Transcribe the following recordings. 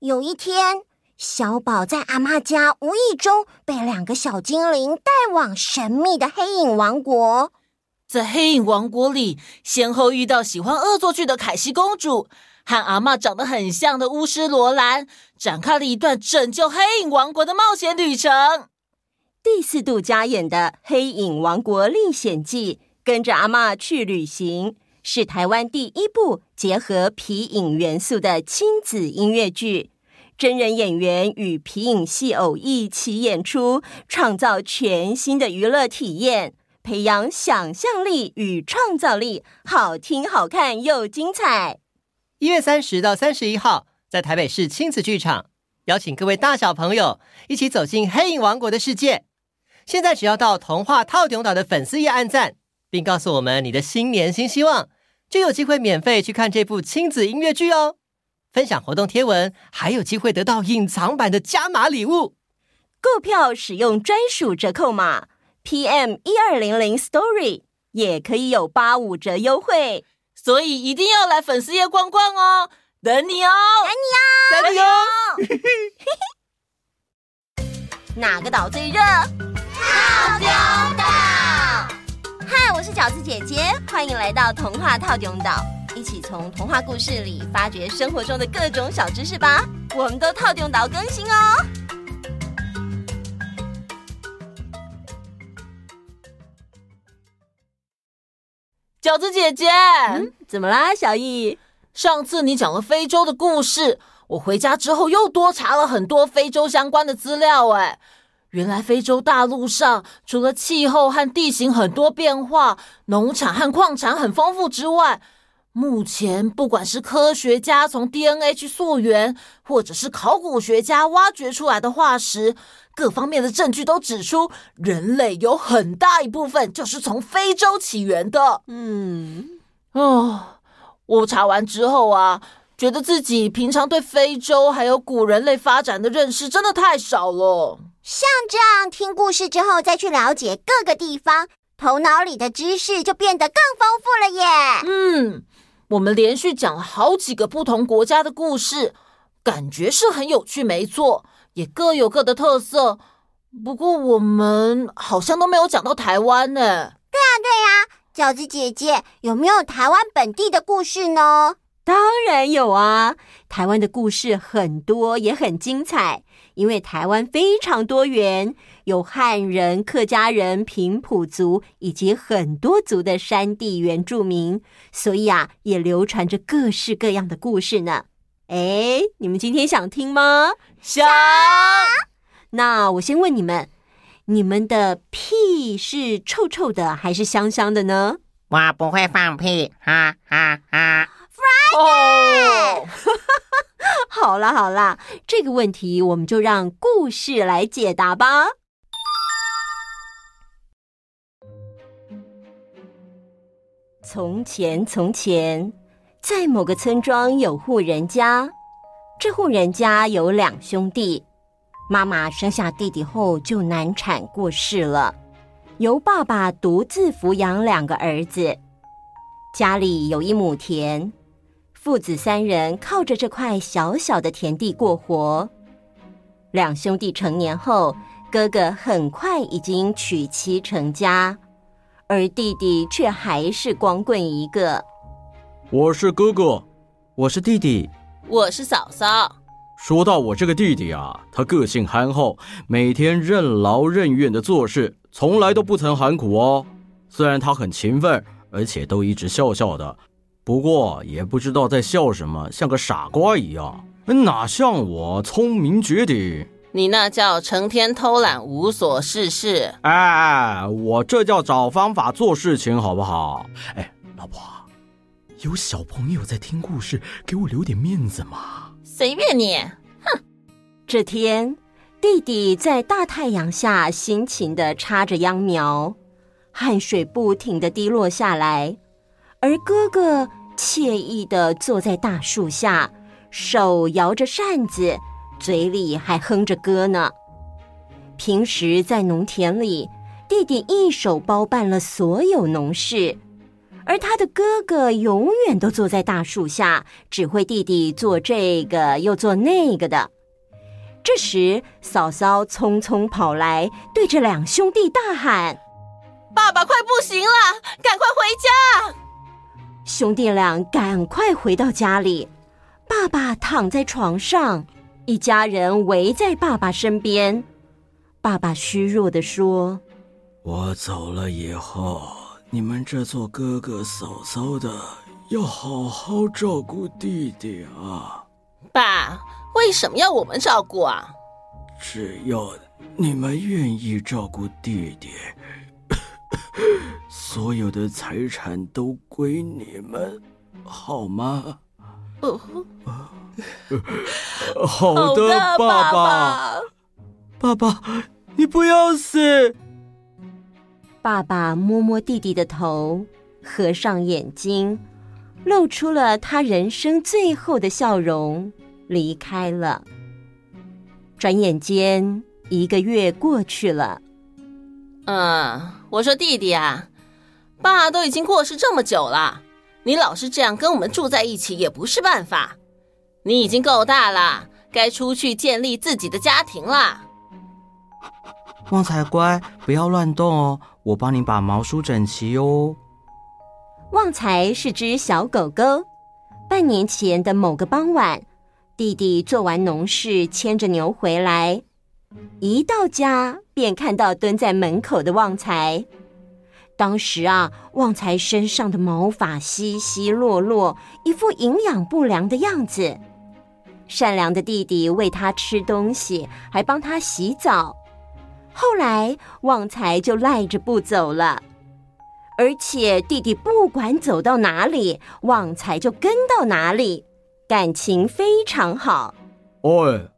有一天，小寶在阿嬤家無意中被兩個小精靈帶往神祕的黑影王國。在黑影王國裡，先後遇到喜歡惡作劇的凱西公主和阿嬤長得很像的巫師羅蘭，展開了一段拯救黑影王國的冒險旅程。第四度加演的《黑影王國歷險記》，跟着阿嬤去旅行。是台灣第一部結合皮影元素的親子音樂劇，真人演員與皮影戲偶一起演出，創造全新的娛樂體驗，培養想象力與創造力。好聽、好看又精彩。一月三十到三十一號，在台北市親子劇場，邀請各位大小朋友一起走進黑影王國的世界。現在只要到童話透中島的粉絲頁按讚，並告訴我們你的新年新希望，就有機會免費去看這部親子音樂劇哦！分享活動貼文還有機會得到隱藏版的加碼禮物，購票使用專屬折扣碼 P M 一二零零 Story 也可以有八五折優惠，所以一定要來粉絲頁逛逛哦！等你哦，等你哦，加油，哦！你哦， 哪個島最熱？大雕的。嗨，Hi, 我是餃子姐姐，歡迎來到童話透中島，一起從童話故事裡發掘生活中的各種小知識吧！我們都透中島更新哦。餃子姐姐，嗯，怎麼啦，小藝？上次你講了非洲的故事，我回家之後又多查了很多非洲相關的資料，哎。原來非洲大陸上，除了氣候和地形很多變化，農產和礦產很豐富之外，目前不管是科學家從 DNA 去溯源，或者是考古學家挖掘出來的化石，各方面的證據都指出，人類有很大一部分就是從非洲起源的。嗯，哦，我查完之後啊。覺得自己平常對非洲還有古人類發展的認識真的太少了。像這樣聽故事之後再去了解各個地方，頭腦裡的知識就變得更豐富了耶。嗯，我們連續講了好幾個不同國家的故事，感覺是很有趣，沒錯，也各有各的特色。不過我們好像都沒有講到台灣呢。對呀，對呀，餃子姐姐有沒有台灣本地的故事呢？當然有啊，台灣的故事很多，也很精彩。因為台灣非常多元，有漢人、客家人、平埔族以及很多族的山地原住民，所以啊，也流傳着各式各樣的故事呢。哎，你們今天想聽嗎？想。那我先問你們，你們的屁是臭臭的還是香香的呢？我不會放屁，哈哈哈，哈。Friday，哈哈，好了好了，這個問題我們就讓故事來解答吧。從前，從前，在某個村莊有戶人家，這戶人家有兩兄弟。媽媽生下弟弟後就難產過世了，由爸爸獨自撫養兩個兒子。家裡有一畝田。父子三人靠着這塊小小的田地過活。兩兄弟成年後，哥哥很快已經娶妻成家，而弟弟卻還是光棍一個。我是哥哥，我是弟弟，我是嫂嫂。說到我這個弟弟啊，他個性憨厚，每天任勞任怨的做事，從來都不曾喊苦哦。雖然他很勤奮，而且都一直笑笑的。不過也不知道在笑什麼，像個傻瓜一樣，哪像我聰明絕頂？你那叫成天偷懶無所事事。哎哎，我這叫找方法做事情，好不好？哎，老婆，有小朋友在聽故事，給我留點面子嘛。隨便你，哼。這天，弟弟在大太陽下辛勤的插着秧苗，汗水不停的滴落下來，而哥哥，愜意地坐在大樹下，手搖着扇子，嘴裡還哼着歌呢。平時在農田裡，弟弟一手包辦了所有農事，而他的哥哥永遠都坐在大樹下，指揮弟弟做這個又做那個的。這時，嫂嫂匆匆跑來，對着兩兄弟大喊：“爸爸快不行了，趕快回家！”兄弟倆趕快回到家裡，爸爸躺在床上，一家人圍在爸爸身邊。爸爸虛弱地說：“我走了以後，你們這做哥哥嫂嫂的要好好照顧弟弟啊。”“爸，為什麼要我們照顧啊？”“只要你們願意照顧弟弟。”所有的財產都歸你們，好嗎？哦， 好的，好的，爸爸。爸爸，爸爸，你不要死！爸爸摸摸弟弟的頭，合上眼睛，露出了他人生最後的笑容，離開了。轉眼間一個月過去了。嗯，我說弟弟啊。爸都已經過世這麼久了，你老是這樣跟我們住在一起也不是辦法。你已經夠大了，該出去建立自己的家庭了。旺財，乖，不要亂動哦，我幫你把毛梳整齊哦。旺財是隻小狗狗。半年前的某個傍晚，弟弟做完農事，牽着牛回來，一到家便看到蹲在門口的旺財。當時啊，旺財身上的毛髮稀稀落落，一副營養不良的樣子。善良的弟弟餵他吃東西，還幫他洗澡。後來，旺財就賴着不走了，而且弟弟不管走到哪裡，旺財就跟到哪裡，感情非常好。喂，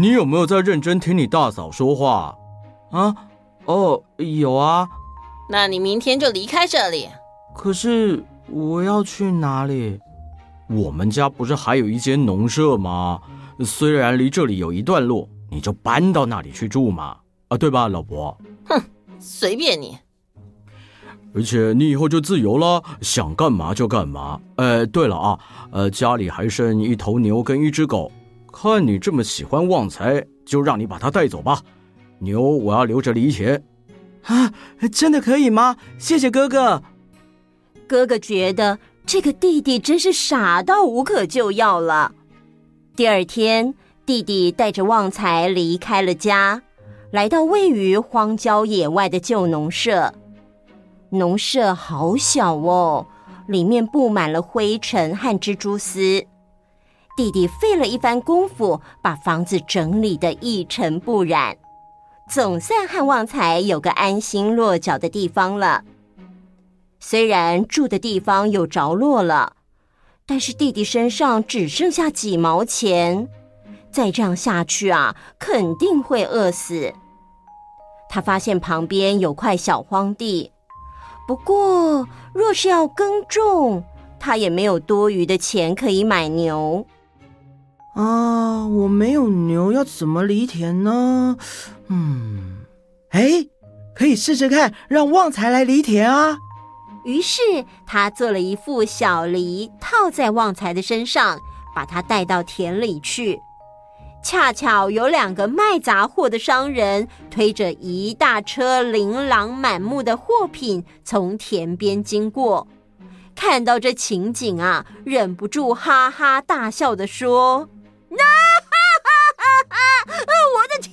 你有沒有在認真聽你大嫂說話啊？哦，有啊。那你明天就離開這裡。可是我要去哪裡？我們家不是還有一間農舍嗎？雖然離這裡有一段路，你就搬到那裡去住嘛。啊，對吧，老伯？哼，隨便你。而且你以後就自由了，想幹嘛就幹嘛。呃，對了啊，呃，家裡還剩一頭牛跟一隻狗，看你這麼喜歡旺財，就讓你把它帶走吧。牛我要留着犁田。啊，真的可以嗎？謝謝哥哥。哥哥覺得這個弟弟真是傻到無可救藥了。第二天，弟弟帶着旺財離開了家，來到位於荒郊野外的舊農舍。農舍好小哦，裡面佈滿了灰塵和蜘蛛絲。弟弟費了一番功夫，把房子整理得一塵不染。總算和旺財有個安心落腳的地方了。雖然住的地方有着落了，但是弟弟身上只剩下幾毛錢，再這樣下去啊，肯定會餓死。他發現旁邊有塊小荒地，不過若是要耕種，他也沒有多餘的錢可以買牛。啊，我沒有牛，要怎麼犁田呢？嗯，誒，可以試試看，讓旺財來犁田啊。於是他做了一副小犁，套在旺財的身上，把它帶到田裡去。恰巧有兩個賣雜貨的商人推着一大車琳琅滿目的貨品從田邊經過，看到這情景啊，忍不住哈哈大笑地說。啊哈哈哈哈呃， 我的天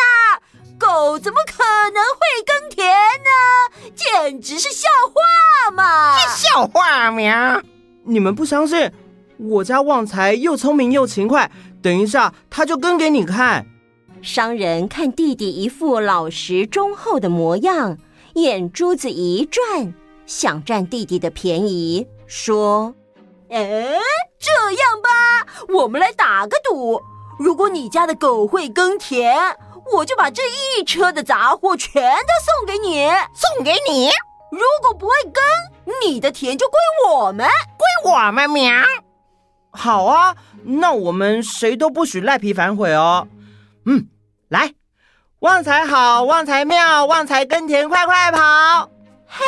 哪，狗怎麼可能會耕田呢？簡直是笑話嘛！笑話喵。你們不相信？我家旺財又聰明又勤快，等一下他就耕給你看。商人看弟弟一副老實忠厚的模樣，眼珠子一轉，想佔弟弟的便宜，說。哎，這樣吧，我們來打個賭。如果你家的狗會耕田，我就把這一車的雜貨全都送給你，送給你。如果不會耕，你的田就歸我們，歸我們苗。好啊，那我們誰都不許賴皮反悔哦。嗯，來，旺財好，旺財妙，旺財耕田快快跑。嘿，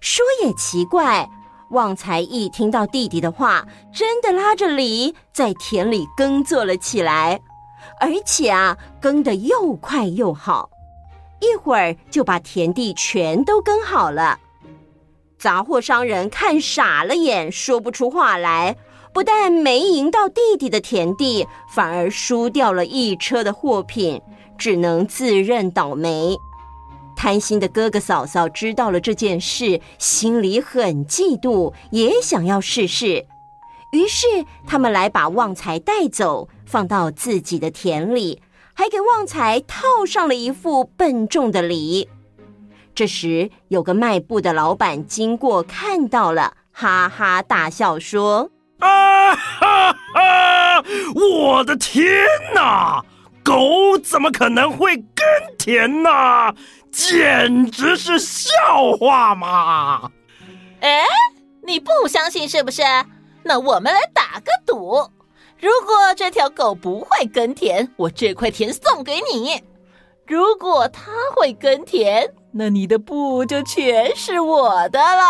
說也奇怪。旺財一聽到弟弟的話，真的拉着犁在田裡耕作了起來，而且啊，耕得又快又好，一會兒就把田地全都耕好了。雜貨商人看傻了眼，說不出話來，不但沒贏到弟弟的田地，反而輸掉了一車的貨品，只能自認倒霉。貪心的哥哥嫂嫂知道了這件事，心裡很嫉妒，也想要試試。於是他們來把旺財帶走，放到自己的田裡，還給旺財套上了一副笨重的犁。這時，有個賣布的老板經過，看到了，哈哈大笑說：“啊哈哈，啊！我的天哪！”狗怎麼可能會耕田呢？簡直是笑話嘛！哎，你不相信是不是？那我們來打個賭。如果這條狗不會耕田，我這塊田送給你；如果它會耕田，那你的布就全是我的了。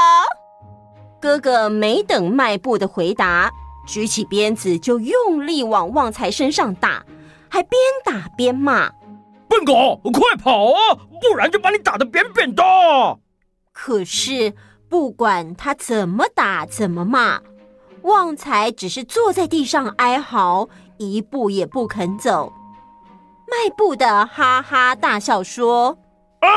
哥哥沒等賣布的回答，舉起鞭子就用力往旺財身上打。還邊打邊罵，笨狗，快跑啊！不然就把你打得扁扁的。可是不管他怎麼打怎麼罵，旺財只是坐在地上哀嚎，一步也不肯走。賣布的哈哈大笑說：“啊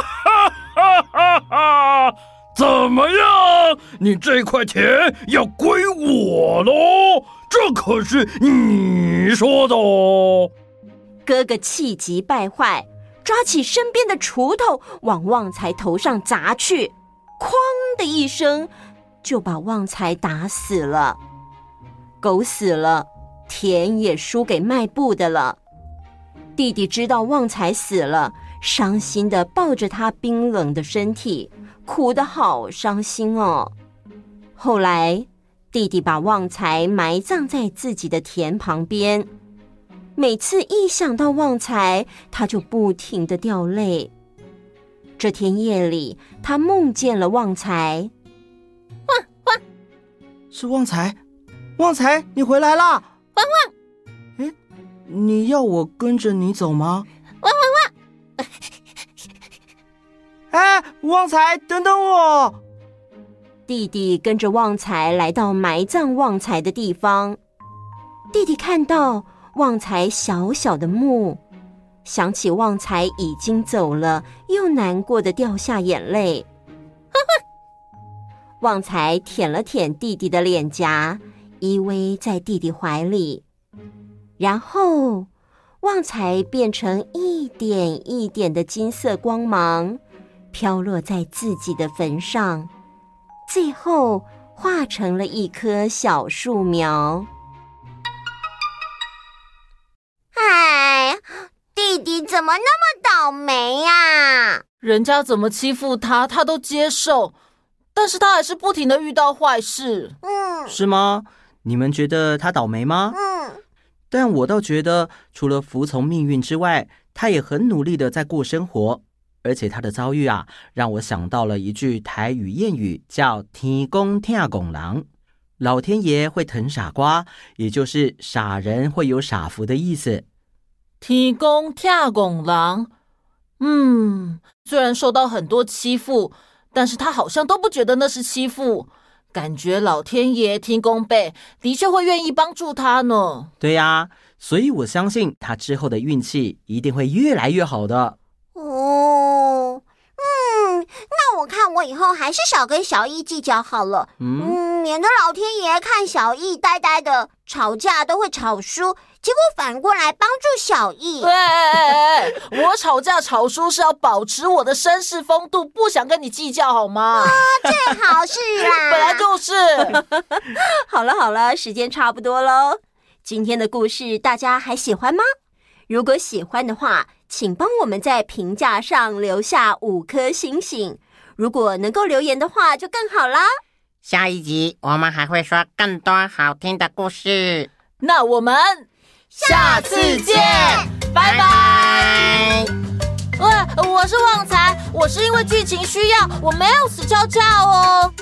哈哈哈哈！怎麼樣？你這塊錢要歸我嘍！”這可是你說的哦！哥哥氣急敗壞，抓起身邊的鋤頭往旺財頭上砸去，哐的一聲，就把旺財打死了。狗死了，田也輸給賣布的了。弟弟知道旺財死了，傷心的抱着他冰冷的身體，哭得好傷心哦。後來。弟弟把旺財埋葬在自己的田旁邊，每次一想到旺財，他就不停地掉淚。這天夜裡，他夢見了旺財汪，汪汪。是旺財，旺財，你回來啦！汪汪汪。哎，你要我跟着你走嗎？汪汪汪。哎， 旺財，等等我。弟弟跟着旺財來到埋葬旺財的地方，弟弟看到旺財小小的墓，想起旺財已經走了，又難過的掉下眼淚。 旺財舔了舔弟弟的臉頰，依偎在弟弟懷裡，然後旺財變成一點一點的金色光芒，飄落在自己的墳上。最後化成了一棵小樹苗。哎，弟弟怎麼那麼倒霉呀？人家怎麼欺負他，他都接受，但是他還是不停的遇到壞事。嗯，是嗎？你們覺得他倒霉嗎？嗯，但我倒覺得，除了服從命運之外，他也很努力的在過生活。而且他的遭遇啊，讓我想到了一句台語諺語，叫“天公疼戇人”，老天爺會疼傻瓜，也就是傻人會有傻福的意思。天“天公疼戇人”，嗯，雖然受到很多欺負，但是他好像都不覺得那是欺負，感覺老天爺天公伯的確會願意幫助他呢。對呀、啊，所以我相信他之後的運氣一定會越來越好的。我以後還是少跟小易計較好了，嗯，免得老天爺看小易呆呆的，吵架都會吵輸，結果反過來幫助小易。對 我吵架吵輸是要保持我的紳士風度，不想跟你計較好嗎？啊，最好是啦、啊， 本來就是。 好了好了，時間差不多了。今天的故事大家還喜歡嗎？如果喜歡的話，請幫我們在評價上留下五顆星星。如果能夠留言的話，就更好啦。下一集我們還會說更多好聽的故事。那我們下次見，拜拜。喂，呃，我是旺財，我是因為劇情需要，我沒有死翹翹哦。